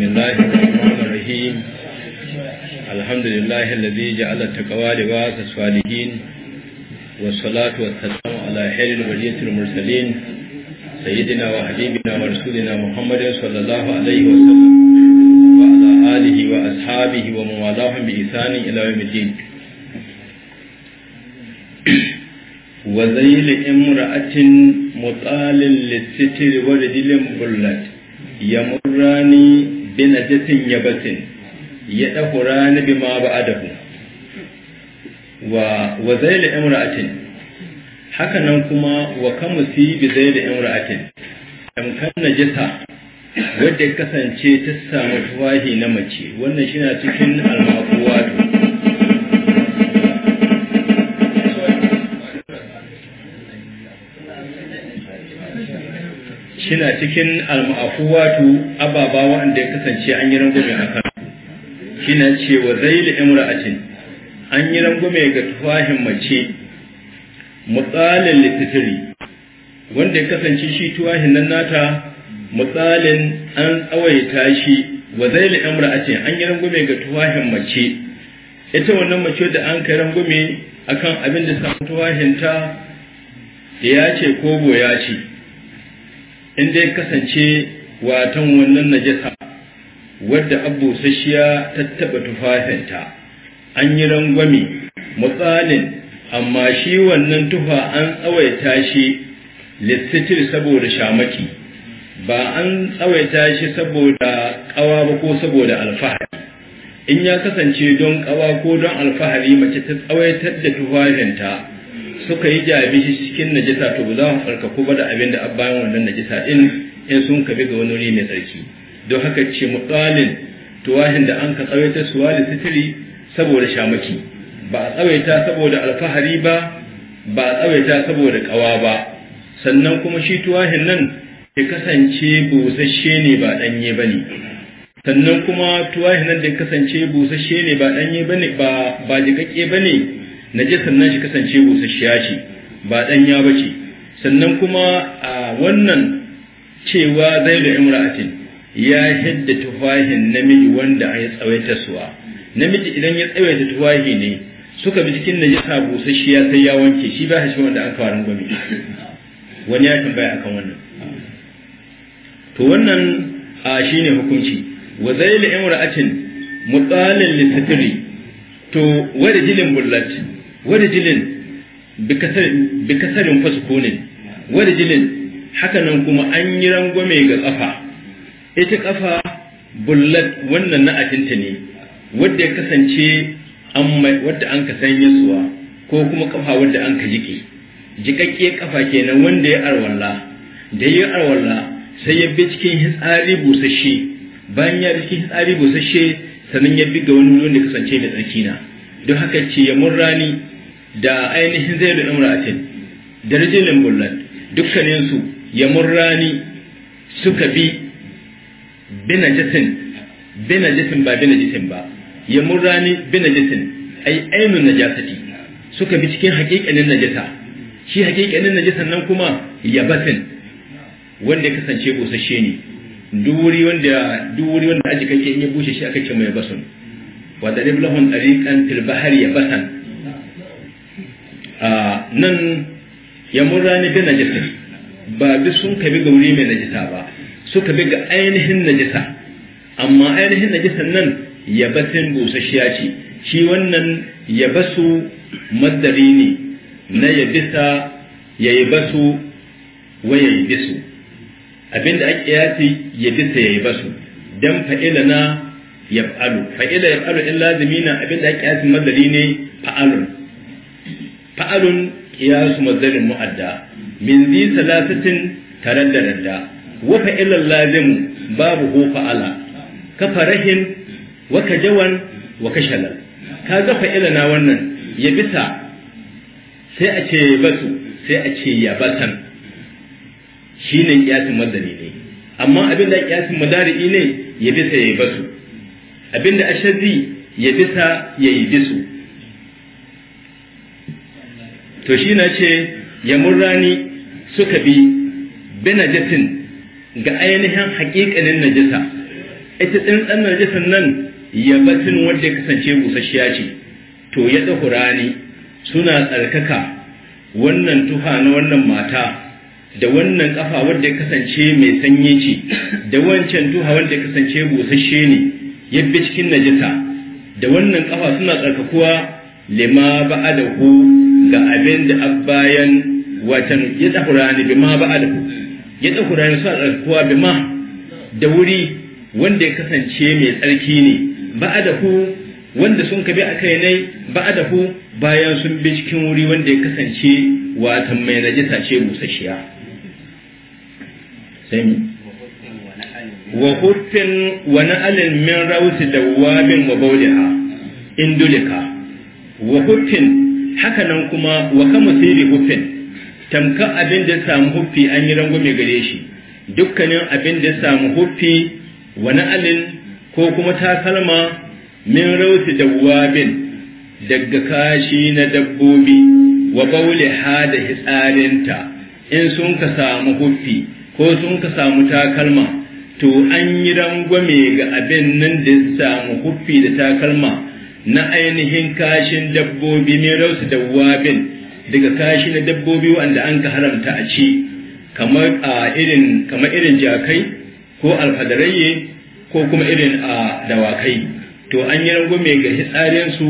بسم الله الرحمن الرحيم الحمد لله الذي جعل التقوى لباس الصالحين والصلاة والسلام على خير الولية المرسلين سيدنا وحبيبنا ورسولنا محمد صلى الله عليه وسلم وعلى آله وأصحابه وموالاهم والاهم بإحسان إلى يوم الدين وذيل امرأة مطال للستر ورجل بلت يمراني binajatin yabatin ya dahura ni bima ba'adahu wa wa zail imra'atin haka nan kuma wa kamusi bi zail imra'atin tamkan najasa wadda kasance ta samu tuwahi na mace wannan shi na cikin almaquwatu Kina cikin al-ma'afuwatu ababa wanda ya kasance an yi rangume a kan Kina ce wa zaili imra'atin an yi rangume ga tufahin mace mutsalin littatiri wanda ya kasance shi tuwahin nan nata mutsalin an tsawaita shi wa zaili imra'atin an yi rangume ga tuwahin mace ita wannan mace da an kai rangume akan abin da samu tuwahinta da ya ce ko ya ce in dai kasance watan wannan najasa wadda abu sashiya ta taba tufafinta an yi rangwami, matsalin, amma shi wannan tufa an tsawaita shi lissitir saboda shamaki ba an tsawaita shi saboda kawa ba ko saboda alfahari in ya kasance don ƙawa ko don alfahari mace ta tsawaitar da tufafinta suka yi jabi shi cikin najisa to ba za mu tsarkaku ba da abin da bayan wannan najisa in in sun bi ga wani wuri mai tsarki don haka ce mutsalin tuwahin da an ka tsawaita su sitiri saboda shamaki ba a tsawaita saboda alfahari ba ba a tsawaita saboda kawa ba sannan kuma shi tuwahin nan ya kasance busasshe ne ba danye ba sannan kuma tuwahin nan da ya kasance busasshe ne ba danye ba ne ba jikakke ba ne najasar nan shi kasance busasshiya ce ba danya ba ce sannan kuma a wannan cewa zai da imra'atin ya hidda tufahin namiji wanda ya tsawaita suwa namiji idan ya tsawaita tufahi ne suka bi cikin najasa busasshiya sai ya wanke shi ba shi wanda aka warin gwami wani ya tambaya akan wannan to wannan a shine hukunci wa zai zail imra'atin mutalil lisitri to wa rijlin bullat warjilin bi kasarin fasikonin warjilin hakanan kuma an yi rangwame ga ƙafa, ita ƙafa bullat wannan na atinta ne wadda ya kasance wadda an ka sanya suwa ko kuma kafa wadda an ka jiki jikakke kafa kenan wanda ya arwalla da ya arwalla sai ya bi cikin hitsari busasshe bayan ya bi cikin hitsari busashe sannan ya bi ga wani wanda kasance mai tsarki na don haka ce ya murrani da ainihin zai da umratin da rijilin bullan dukkaninsu ya murrani suka bi bina jisin ba jisin ba ya murrani jisin ai ainun najasati suka bi cikin hakikanin najasa shi hakikanin najasan nan kuma ya basin. wanda ya kasance busasshe ne duwuri wanda duwuri wanda aji kake in ya bushe shi aka ce mai basun wa darib lahum tariqan til bahri basan nan ya murra ni bi najisa ba bi sun ka bi ga wuri mai najisa ba suka bi ga ainihin najisa amma ainihin najisan nan ya basin busasshiya ce shi wannan ya basu maddari ne na ya bisa ya yi basu wa ya yi bisu abinda a yasi ya bisa ya yi basu dan fa'ila na yaf'alu fa'ila fa'alu in lazimi na abinda a yasi maddari ne fa'alun fa'alun qiyasu mazanin mu'adda min zi ثلاثة taraddadda wa fa'ilan lazim babu hu fa'ala ka farahin wa ka jawan wa ka shalal ka wannan ya bisa sai a ce basu sai a ce ya batan ne qiyasu madari ne amma abin da qiyasu madari ne ya bisa ya basu abin da ya bisa ya yi bisu to shi na ce yamurrani suka bi binajatin ga ainihin haƙiƙanin najisa ita tsintsan najisan nan yabatin wanda ya kasance busasshiya ce to ya rani suna tsarkaka wannan tuha na wannan mata da wannan kafa wanda ya kasance mai sanyi ce da wancan tuha wanda ya kasance busasshe ne yabbe cikin najisa da wannan kafa suna tsarkakuwa lima ba'adahu ga abin da bayan watan ya tsakura ne bi ma ba a ya tsakura ne suna tsarkuwa bi ma da wuri wanda ya kasance mai tsarki ne ba a wanda sun kabi a kai nai ba a bayan sun bi cikin wuri wanda ya kasance watan mai najisa ce busasshiya sai mi wa hutun wa na'alin min rawsi lawabin wa bawliha indulika wa hutun haka nan kuma wa kama siri hufin tamka abin da samu hufi an yi mai gare shi dukkanin abin da samu hufi wani alin ko kuma takalma min rauti dawabin daga kashi na dabbobi wa baule ha hitsarinta in sun ka samu hufi ko sun ka samu takalma to an yi rangwame ga abin nan da samu hufi da takalma na ainihin kashin dabbobi ne rausu dawabin daga kashi na dabbobi wanda an ka haramta a ci kamar a irin kamar irin jakai ko alfadarayye ko kuma irin a dawakai to an yi rangume ga hitsarin su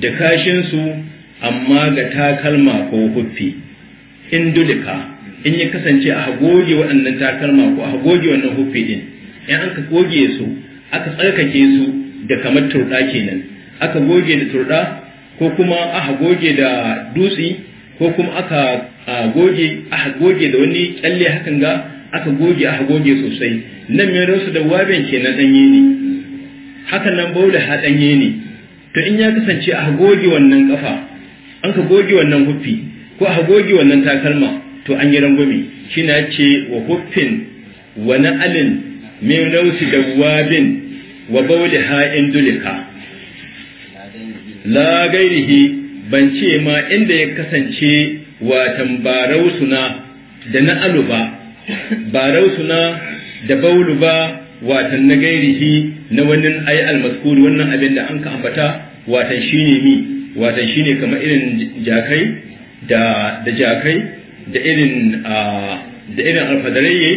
da kashin su amma ga takalma ko huffi in dulika in ya kasance a goge waɗannan takalma ko a goge wannan huffi din in an goge su aka tsarkake su da kamar turɗa kenan aka goge da turɗa ko kuma aka goge da dutse ko kuma aka goge aka goge da wani kyalle hakan ga aka goge aka goge sosai nan mai rasu da waben kenan danye ne hakan nan baula ha danye ne to in ya kasance aka goge wannan kafa an ka goge wannan huffi ko aka goge wannan takalma to an yi rangwame shi na ce wa huffin wa na'alin min rausi da wabin wa bauli ha indulika la gairihi ban ce ma inda ya kasance watan barau suna da na alu ba barau suna da baulu ba watan na gairihi na wannan ai almaskuri wannan abin da an ka ambata watan shine mi watan shine kamar irin jakai da da jakai da irin da irin alfadarayye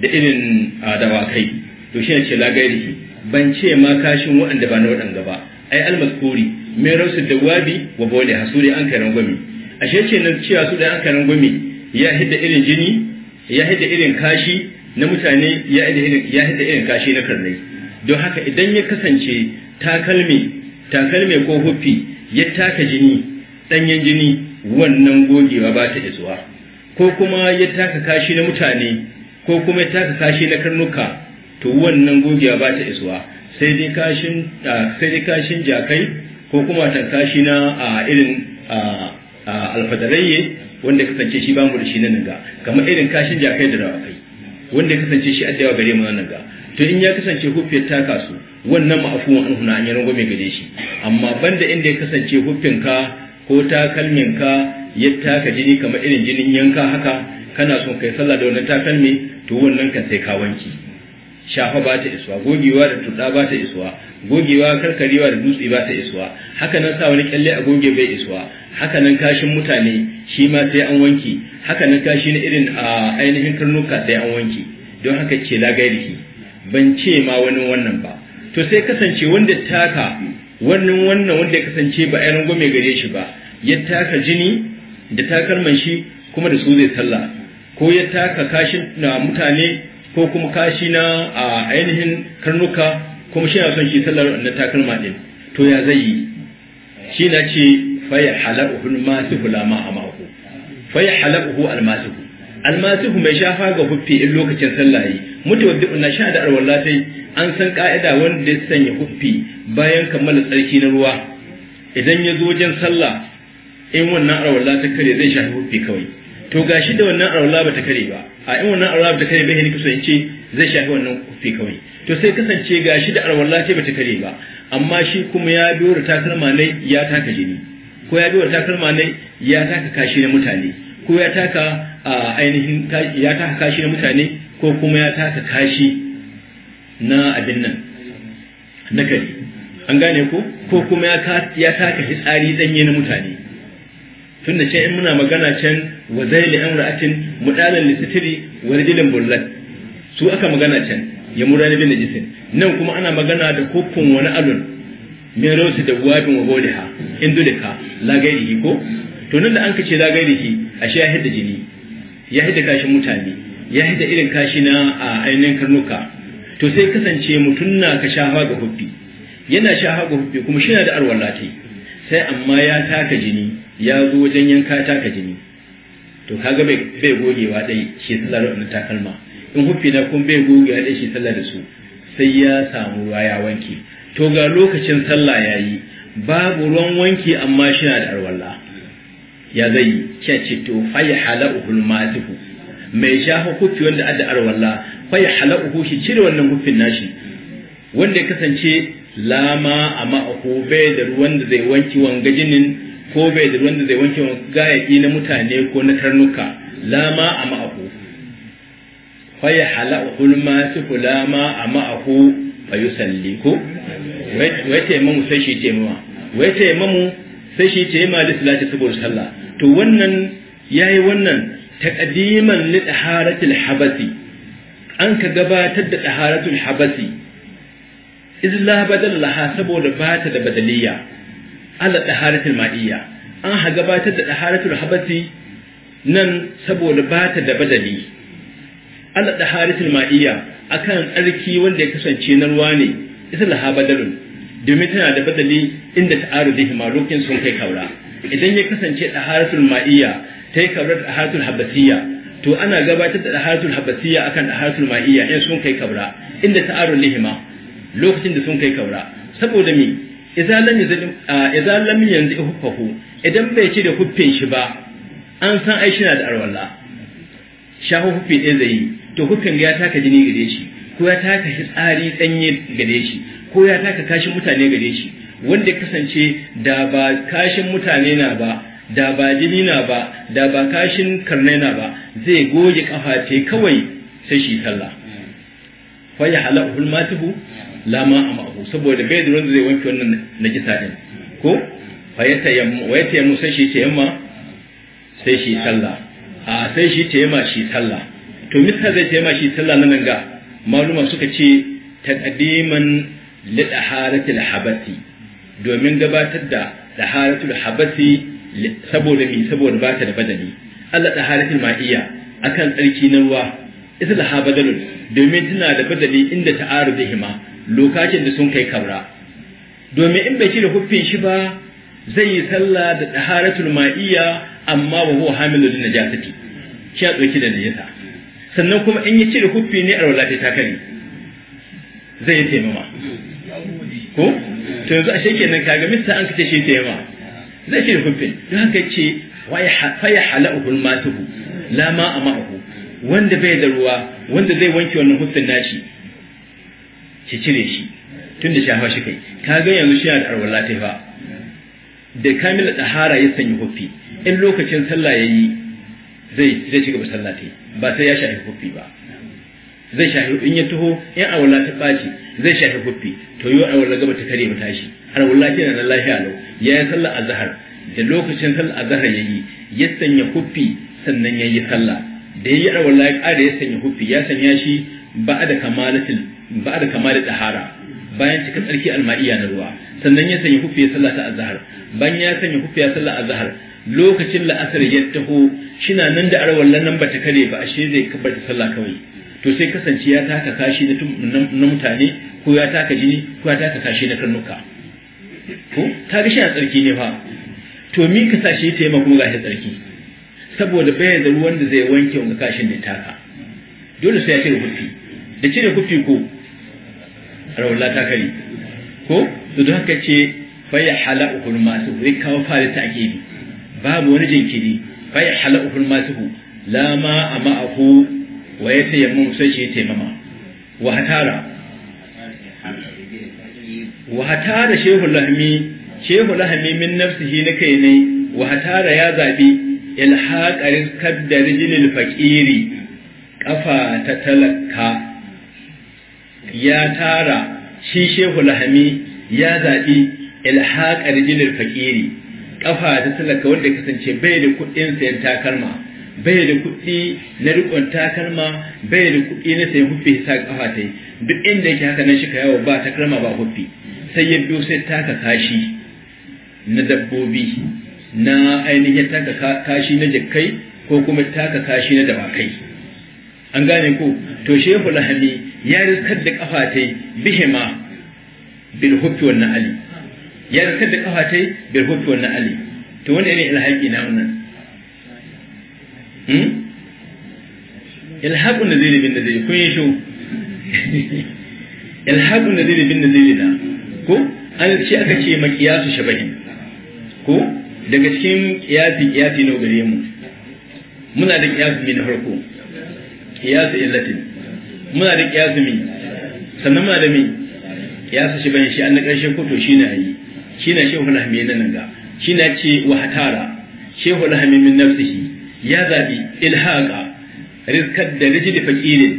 da irin dawakai to shine ce la gairihi ban ce ma kashin waɗanda ba na waɗanda ba ai almaskuri da dawabi wa bole hasuri an karan gwami ashe ce nan cewa su da an karan gwami ya hidda irin jini ya hidda irin kashi na mutane ya hidda irin ya hidda irin kashi na karnai don haka idan ya kasance takalmi takalmi ko huffi ya taka jini danyen jini wannan gogewa ba ta isuwa ko kuma ya taka kashi na mutane ko kuma ya taka kashi na karnuka to wannan gogewa ba ta isuwa sai dai kashin ah, sai dai kashin jakai ko kuma tanka na a irin alfadarayye wanda kasance shi bamu da shi na naga kamar irin kashin jakai da rawakai wanda ya kasance shi addawa gare mu na naga. to in ya kasance hufiyar ta kasu wannan ma'afuwan an huna an yi rango mai gare shi amma banda inda ya kasance hufinka ko takalminka ya taka jini kamar irin jinin yanka haka kana son kai sallah da wannan takalmi to wannan kan sai ka wanki shafa ba ta isuwa gogewa da tuɗa ba ta isuwa gogewa karkarewa da dutse ba ta isuwa haka nan sa wani kyalle a goge bai isuwa haka nan kashin mutane shi ma sai an wanki haka nan kashi na irin a ainihin karnuka sai an wanki don haka ce lagairiki ban ce ma wani wannan ba to sai kasance wanda taka wannan wannan wanda ya kasance ba a gome gare shi ba ya taka jini da takalman shi kuma da su zai sallah ko ya taka kashin na mutane ko kuma kashi na a ainihin karnuka kuma shi na son shi sallar wannan takalma din to ya zai yi shi na ce faya hala'uhu almasihu la mako faya hala'uhu almasiku. Almasiku mai shafa ga huffi in lokacin sallah yi mutawaddi'un na sha da arwalla sai an san ka'ida wanda ya sanya huffi bayan kammala tsarki na ruwa idan ya zo wajen sallah in wannan arwalla ta kare zai shafi huffi kawai to gashi da wannan arwalla ba ta kare ba a in wannan arwalla ba ta kare bai ne kusa in ce zai shafi wannan kufi kawai to sai kasance ga shi da arwalla ce bata kare ba amma shi kuma ya biyo da takalma ne ya taka jini ko ya biyo da takalma ne ya taka kashi na mutane ko ya taka ainihin ya taka kashi na mutane ko kuma ya taka kashi na abin nan na kare an gane ko ko kuma ya taka hitsari danye na mutane tunda ce in muna magana can wa zaili amra'atin mudalan lisitiri wa rijilan bullat su aka magana can ya mura murani bin najisin nan kuma ana magana da hukun wani alun min rawsi da wabin wa goliha indulika la ko to nan da an kace la a ashe ya hidda jini ya hidda kashin mutane ya hidda irin kashi na a ainihin karnuka to sai kasance mutum na ka sha ga hubbi yana shaha ga hubbi kuma shi na da arwallati sai amma ya taka jini ya zo wajen yanka taka jini to kaga bai gogewa dai shi sallar wannan takalma in hufi na kun bai goge ya shi sallah da su sai ya samu ruwa ya wanke to ga lokacin sallah ya yi babu ruwan wanki amma shi na da arwalla ya zai kya ce to fayi hala'uhul matihu mai shafa hufi wanda adda arwalla fayi hala'uhu shi cire wannan hufin nashi wanda ya kasance lama a ma'ahu bai da ruwan da zai wanki wanga jinin ko bai da ruwan da zai wanki wanga gayaki na mutane ko na karnuka. lama a ma'ahu faya hulma su lama a ma'ahu fa salli ko wai taimamu sai shi taimama wai taimamu sai shi taimama da salati saboda sallah to wannan ya yi wannan taqdiman li ɗaharatul habasi an ka gabatar da ɗaharatul habasi izla badal laha saboda bata da badaliya ala ɗaharatul ma'iyya an ha gabatar da ɗaharatul habasi nan saboda bata da badali ala da harisul ma'iyya akan tsarki wanda ya kasance na ruwa ne isa laha badalun domin tana da badali inda ta'arudi hima lokacin sun kai kaura idan ya kasance da harisul ma'iyya ta yi kaura da harisul habasiyya to ana gabatar da harisul habasiyya akan da harisul ma'iyya in sun kai kaura inda ta'arudi lihima lokacin da sun kai kaura saboda me idan lam yanzu huffahu idan bai ci da huffin shi ba an san ai shi na da arwala shahu huffi ɗaya zai yi to huskan ya taka jini gare shi ko ya taka tsari danye gare shi ko ya taka kashin mutane gare shi wanda kasance da ba kashin mutane na ba da ba jini na ba da ba kashin karne na ba zai goge kafa ce kawai sai shi talla. fa ya halahul matihu lama amahu saboda bai da wanda zai wanke wannan najisa din ko fa ya tayammu wa ya tayammu sai shi tayamma sai shi talla. a sai shi tayamma shi talla. to misa zai taima shi sallah na nan ga maluma suka ce taqdiman li daharatil habasi domin gabatar da daharatul habasi saboda mi saboda bata da badali Allah daharatul ma'iyya akan tsarki na ruwa ita da habadalu domin tana da badali inda ta arzu hima lokacin da sun kai kabra domin in bai cire huffin shi ba zai yi sallah da daharatul Ma'iyya amma wa huwa hamilul najasati shi tsoki da najasa sannan kuma in ya cire huffi ne alwala ta takali zai yi taimama ko to yanzu ashe nan kaga mista an kace shi taimama zai da huffin don haka ce fa ya hala'uhu matuhu la ma amahu wanda bai da ruwa wanda zai wanke wannan huffin nashi ki cire shi tun da shafa shi kai kaga yanzu shi da alwala ta fa da kamila tahara ya sanya huffi in lokacin sallah yayi zai zai ci gaba ba sai ya shafi huffi ba zai shafi in ya taho in wallahi ta ɓaci zai shafi huffi to yau wallahi gaba ta kare mata tashi har wallahi yana nan lafiya lau ya yi sallah azhar da lokacin sallah azhar yayi ya sanya huffi sannan yayi sallah da yayi a wallahi ƙara ya sanya huffi ya sanya shi ba da kamalatil ba da kamalil tahara bayan cika tsarki alma'iya na ruwa sannan ya sanya huffi ya sallah ta azhar bayan ya sanya huffi ya sallah azhar lokacin la'asar ya taho shina nan da arwal nan bata kare ba ashe zai kabar da sallah kawai to sai kasance ya taka kashi na mutane ko ya taka jini ko ya taka kashi na karnuka ko ta ga shi a tsarki ne fa to mi ka sa shi ta yi kuma gashi tsarki saboda bai da ruwan da zai wanke wanka kashin da taka dole sai ya cire kufi da cire kufi ko arwalla ta kare ko to don haka ce fa ya hala kullum masu zai kawo fara ta babu wani jinkiri fa ya hala'uhu almasihu la ma ama'ahu wa yamu sai shi taimama wa hatara wa hatara shehu lahmi shehu lahmi min nafsihi na kai ne wa hatara ya zabi ilhaqarin kaddar jilil faqiri kafa ta talakka ya tara shi shehu lahmi ya zabi ilhaqar jilil faqiri kafa ta talaka wanda kasance bai da kuɗin sayan takalma bai da kuɗi na riƙon takalma bai da kuɗi na sayan huffi sa kafa ta yi duk inda yake haka nan shi ka yawo ba takalma ba huffi sai ya biyo sai taka kashi na dabbobi na ainihin taka kashi na jakkai ko kuma taka kashi na dawakai an gane ko to shehu lahani ya riskar da kafa ta yi bihima bil huffi wannan ali ya rika da kafa tai bai hutu wannan ali to wanda ne ilhaqi na wannan hmm zai nazili bin zai, kun yi shu ilhaqun da bin nazili na ko an ce aka ce makiyasu shabahi ko daga cikin kiyasi kiyasi na gare mu muna da kiyasi mai na farko kiyasi illatin muna da kiyasi mai sannan muna da mai kiyasi shi bayan shi an na ƙarshen to shi na yi shi na shehu na na nan ga shi na ce wa hatara shehu rahmi min nafsihi ya zabi ilhaqa rizkar da rijli fakirin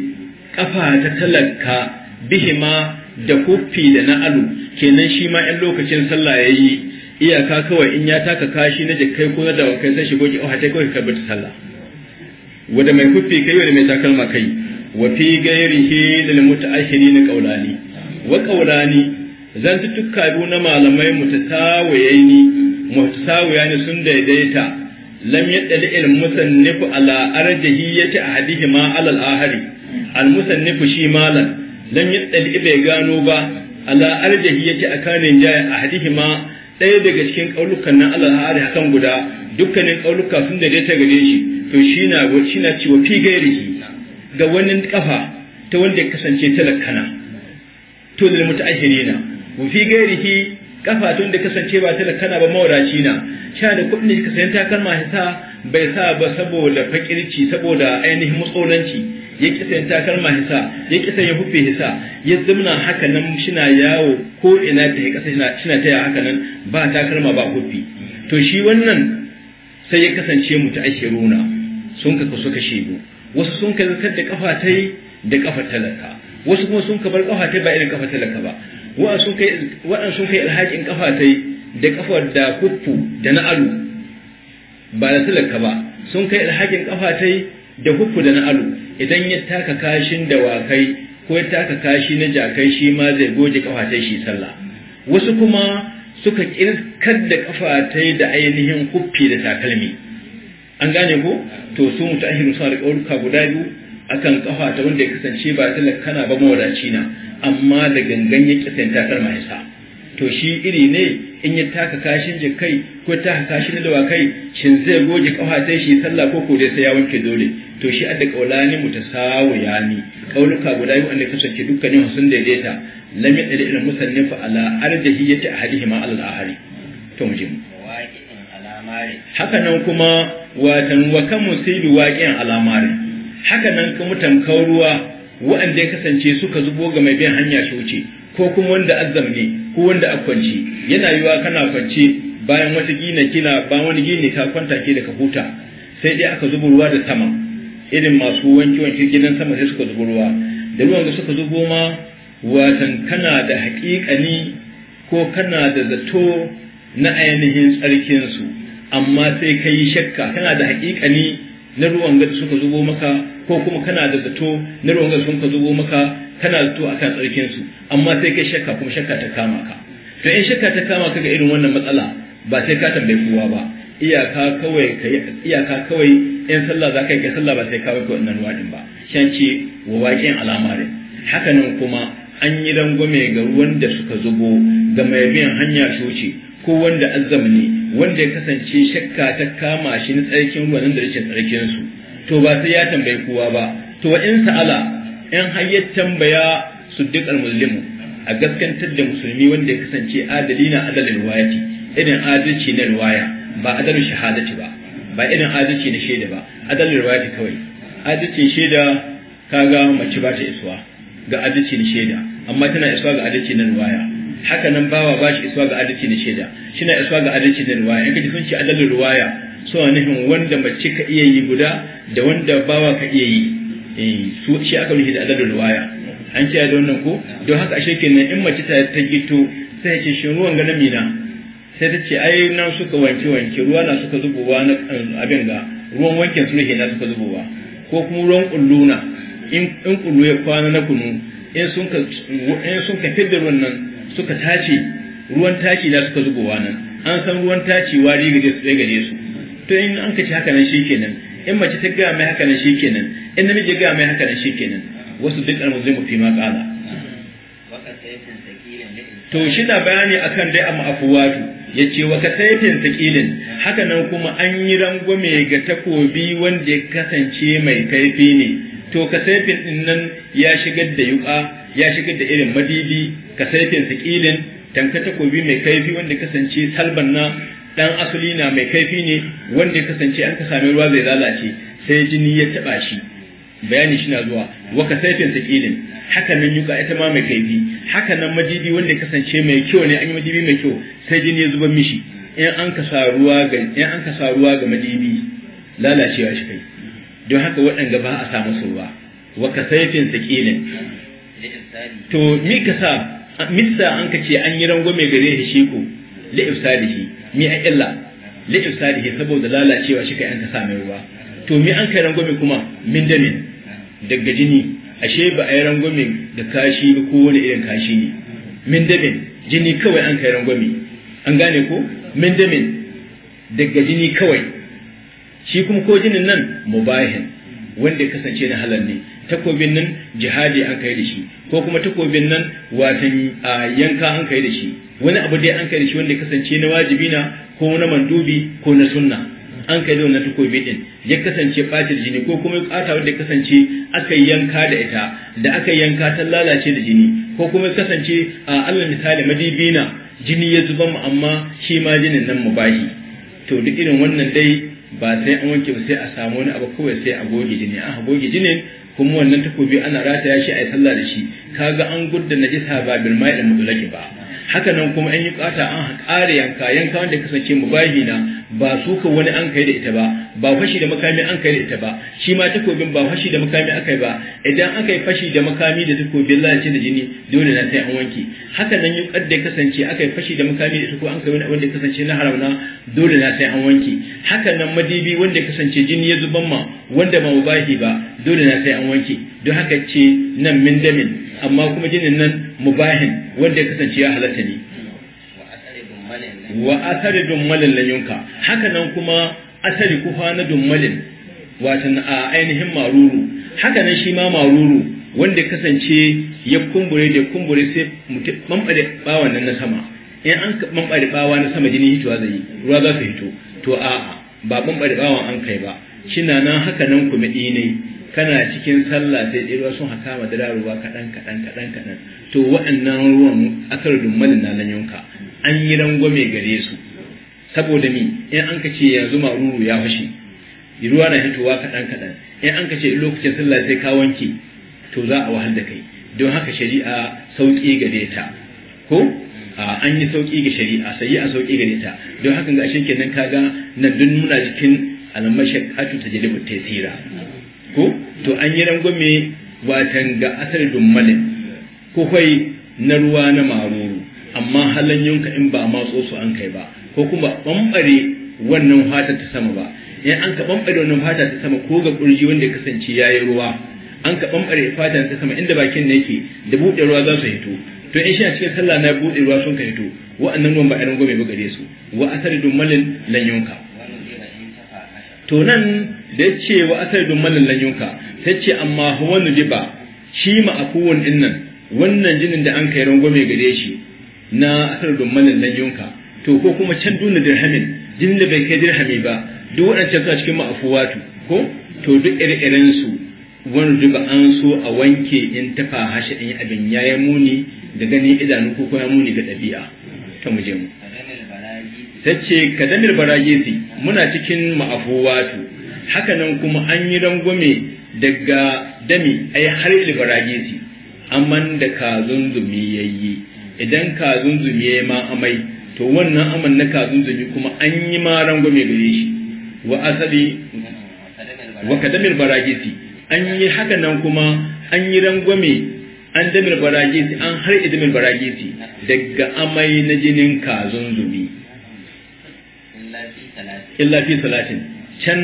kafa ta talaka bihima da kuffi da na alu kenan shi ma ɗan lokacin sallah ya yi iyaka kawai in ya taka kashi na jikai ko na kai sai shigo ki oh hatai kawai ka bata sallah wanda mai kuffi kai wanda mai takalma kai wa fi gairihi lil muta'akhirin qawlani wa qawlani Zan tukka biyu na malamai mu mutasawiyaini ni sun daidaita lam yaddali al musannifu ala ahadihi ma ala al ahari al musannifu shi malan lam yaddali bai gano ba ala yati akanin jaya ma ɗaya daga cikin kaulukan nan al hari hakan guda dukkanin ƙaunuka sun daidaita gare shi to shi na shi na ciwo fi gairihi ga wani kafa ta wanda ya kasance talakkana to lil muta'ahirina mu fi gairihi kafa tun da kasance ba talakana ba mawaraci na sha da kuɗin da ka sayan takalma ya sa bai sa ba saboda fakirci saboda ainihin matsolanci ya ki sayan takalma ya sa ya ki sayan hufe ya sa ya zimna haka nan shina yawo ko ina ta ya kasa shina taya haka nan ba takalma ba hufi to shi wannan sai ya kasance mu ta ake runa sun ka kaso kashe shigo, wasu sun ka zartar da kafa ta da kafa talaka wasu kuma sun ka bar kafa ta ba irin kafa talaka ba waɗansu sun kai alhakin kafa ta da kafar da kuffu da na alu ba da silaka ba sun kai alhakin kafa ta da kuffu da na alu idan ya taka kashin dawakai ko ya taka kashi na jakai shi ma zai goge kafa shi sallah wasu kuma suka kirkar da kafa da ainihin kuffi da takalmi an gane ko to su mutahirin suna da ƙauruka guda biyu akan ƙafa ta wanda ya kasance ba talaka kana ba mawadaci na amma da gangan ya ƙi sayan takar ya to shi iri ne in ya taka kashin jikai ko taka kashin dawa kai shin zai goje kafa sai shi sallah ko ko dai sai ya wanke dole to shi adda kaulani mutasawiya ne ƙaunuka guda biyu wanda kasance dukkanin sun daidaita lam yadda ilal musannif ala arjahiyyati ahadihima ala al-ahari to mu haka nan kuma watan wa kan musibi waqi'an alamari haka nan kuma tamkar ruwa wa'anda ya kasance suka zubo ga mai bin hanya shi wuce ko kuma wanda azamne, ko wanda akwanci yana yiwa kana kwance bayan wata gina kina bayan wani gini ka kwanta ke da ka huta sai dai aka zubo ruwa da sama irin masu wanki wanki gidan sama sai suka zubo ruwa da ruwan da suka zubo ma watan kana da haƙiƙani ko kana da zato na ainihin tsarkinsu amma sai ka shakka kana da haƙiƙani na ruwan da suka zubo maka ko kuma kana da zato na ruwan sun ka zubo maka kana zato akan tsarkin su amma sai kai shakka kuma shakka ta kama ka to in shakka ta kama ka ga irin wannan matsala ba sai ka tambayi kowa ba iyaka kawai iyaka kawai in sallah za ka yi sallah ba sai ka wai wannan wadin ba shan ce wa waƙin alama ne haka nan kuma an yi rangwame ga ruwan da suka zubo ga mai bin hanya shoci ko wanda azzamni wanda ya kasance shakka ta kama shi na tsarkin ruwan da rashin tsarkin su to ba sai ya tambayi kowa ba to in sa'ala in har ya tambaya suddiq al-muslimu a gaskantar da musulmi wanda ya kasance adali na adalin riwayati irin adalci na riwaya ba adalin shahadati ba ba irin adalci na shaida ba adalin riwayati kawai adalcin shaida kaga mace ba ta isuwa ga adalci na shaida amma tana isuwa ga adalci na riwaya haka nan bawa ba shi isuwa ga adalci na shaida shi na isuwa ga adalci na riwaya in kaji sun ce adalin riwaya suna nufin wanda mace ka iya yi guda da wanda bawa ka iya yi eh, su shi aka nufi da adadin ruwaya an ce da wannan ko don haka shekin nan in mace ta gito sai ce shi ruwan ga namina sai ta ce ai nan suka wanke wanke ruwa na suka zubowa na abin ga ruwan wankin sulhi na suka zubowa ko kuma ruwan kulluna in kullu ya kwana na kunu in sun ka in sun ka fidda ruwan nan suka tace ruwan taki na suka zubowa nan an san ruwan tacewa riga da su gare su to in an kace haka nan shikenan in mace ta ga mai haka nan shikenan in namiji ga mai haka nan shikenan wasu duk al-muslimu fi ma qala to shi na bayani akan dai amma afuwatu yace wa kasaitin sakilin haka nan kuma an yi rangwame ga takobi wanda ya kasance mai kaifi ne to kasaifin din nan ya shigar da yuka ya shigar da irin madidi kasaifin sakilin tanka takobi mai kaifi wanda kasance salban na dan asali na mai kaifi ne wanda ya kasance an ka sami ruwa zai lalace sai jini ya taba shi bayani shi na zuwa wa kasaifin sakilin haka nan yuka ita ma mai kaifi haka nan majibi wanda ya kasance mai kyau ne an yi majibi mai kyau sai jini ya zuba mishi in an ka sa ruwa ga in an ka sa ruwa ga majibi lalacewa shi kai don haka waɗanda ba a samu su ruwa wa kasaifin sakilin to mi ka sa misa an ka ce an yi rangwame gare shi ko li ifsadihi mi a illa li ifsadihi saboda lalacewa shi kai an ka sa mai ruwa to mi an kai rangwame kuma min min daga jini ashe ba a yi rangwame da kashi ba ko irin kashi ne min da min jini kawai an kai rangwame an gane ko min min daga jini kawai shi kuma ko jinin nan mubahin wanda ya kasance na halal ne takobin nan jihadi an kai da shi ko kuma takobin nan watan yanka an kai da shi wani abu dai an kai da shi wanda kasance na wajibi na ko na mandubi ko na sunna an kai da wannan takobi din ya kasance ɓacin jini ko kuma ƙata wanda kasance aka yanka da ita da aka yanka ta lalace da jini ko kuma kasance a Allah misali na, jini ya zuba mu amma shi ma jinin nan mu bashi to duk irin wannan dai ba sai an wanke ba sai a samu wani abu kawai sai a goge jini an goge jinin kuma wannan takobi ana rataya shi a yi sallah da shi kaga an gudda najisa ba bil ma'i da mutulaki ba haka nan kuma an yi kata an kare yanka yanka wanda kasance mubahi na ba su ka wani an kai da ita ba ba fashi da makami an kai da ita ba shi ma takobin ba fashi da makami aka yi ba idan aka yi fashi da makami da takobin lalace da jini dole na sai an wanke haka nan yi kadda ya kasance aka yi fashi da makami da ita ko an kai wani abin da ya kasance na haramna dole na sai an wanke haka nan madibi wanda ya kasance jini ya zuban ma wanda ba mubahi ba dole na sai an wanke don haka ce nan min damin amma kuma jinin nan mubahin wanda ya kasance ya halatta ne wa asari dummalin lanyunka haka nan kuma asari kufa na dummalin watan a ainihin maruru haka nan shi ma maruru wanda kasance ya kumbure da kumbure sai mamɓare bawan nan na sama in an mamɓare bawa na sama jini hitowa zai yi ruwa za su hito to a ba mamɓare bawan an kai ba shina nan haka nan kuma ne kana cikin sallah sai dai ruwa sun haka madara ruwa kaɗan kaɗan kaɗan kaɗan to waɗannan ruwan akar dummalin na lanyonka an yi rangwame gare su saboda mi in an ka ce yanzu maruru ya fashe ruwa na hitowa kaɗan kaɗan in an ka ce lokacin sallah sai ka wanke to za a wahal da kai don haka shari'a sauƙi gare ta ko an yi sauƙi ga shari'a sai a sauƙi gare ta don haka ga shi kenan ga nan dun muna cikin almashaqatu tajribu tsira ko to an yi rangwame watan ga asar dummalin ko kai na ruwa na maruru. amma halan yanka in ba a matso su an kai ba ko kuma bambare wannan fata ta sama ba in an ka bambare wannan fata ta sama ko ga kurji wanda ya kasance yayi ruwa an ka bambare fata ta sama inda bakin ne yake da bude ruwa za su hito to in shi a cikin sallah na buɗe ruwa sun ka hito wa'annan ruwan ba irin gobe ba gare su wa asari dumalin lan yanka to nan da ya ce wa asari dumalin lan yanka sai ce amma huwa nujiba shi ma akuwan dinnan wannan jinin da an kai rangwame gare shi na asar dummanin na yunka to ko kuma can duna dirhamin jin da bai kai dirhami ba duk waɗancan suna cikin ma'afuwatu ko to duk ire-iren su wani duba an so a wanke in tafa hashe in abin ya yi muni da ganin idanu ko kuma muni ga ɗabi'a ta muje mu ta ce ka damir baragezi muna cikin ma'afuwatu hakanan kuma an yi rangwame daga dami ai har ilbaragezi amman da kazun zunzumi yayi idan kazunzumi ya yi ma amai to wannan aman na kazunzumi kuma an yi ma rangwame gare shi wa asali wa kadamir barajisi an yi haka nan kuma an yi rangwame an damir barajisi an har idamir barajisi daga amai na jinin kazunzumi illa fi salatin can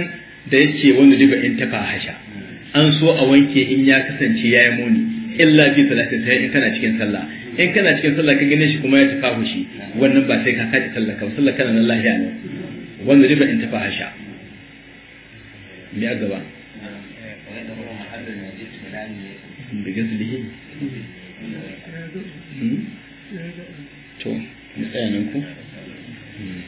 da ya ce wani duka in tafa hasha an so a wanke in ya kasance ya yi muni illa fi salatin sai in kana cikin sallah in kana cikin sallah ka gane shi kuma ya tafa shi wannan ba sai ka kaji sallah ka sallah kana nan lahiya ne wannan riba in tafa hasha me a da hmm? to mu tsaya nan ku hmm.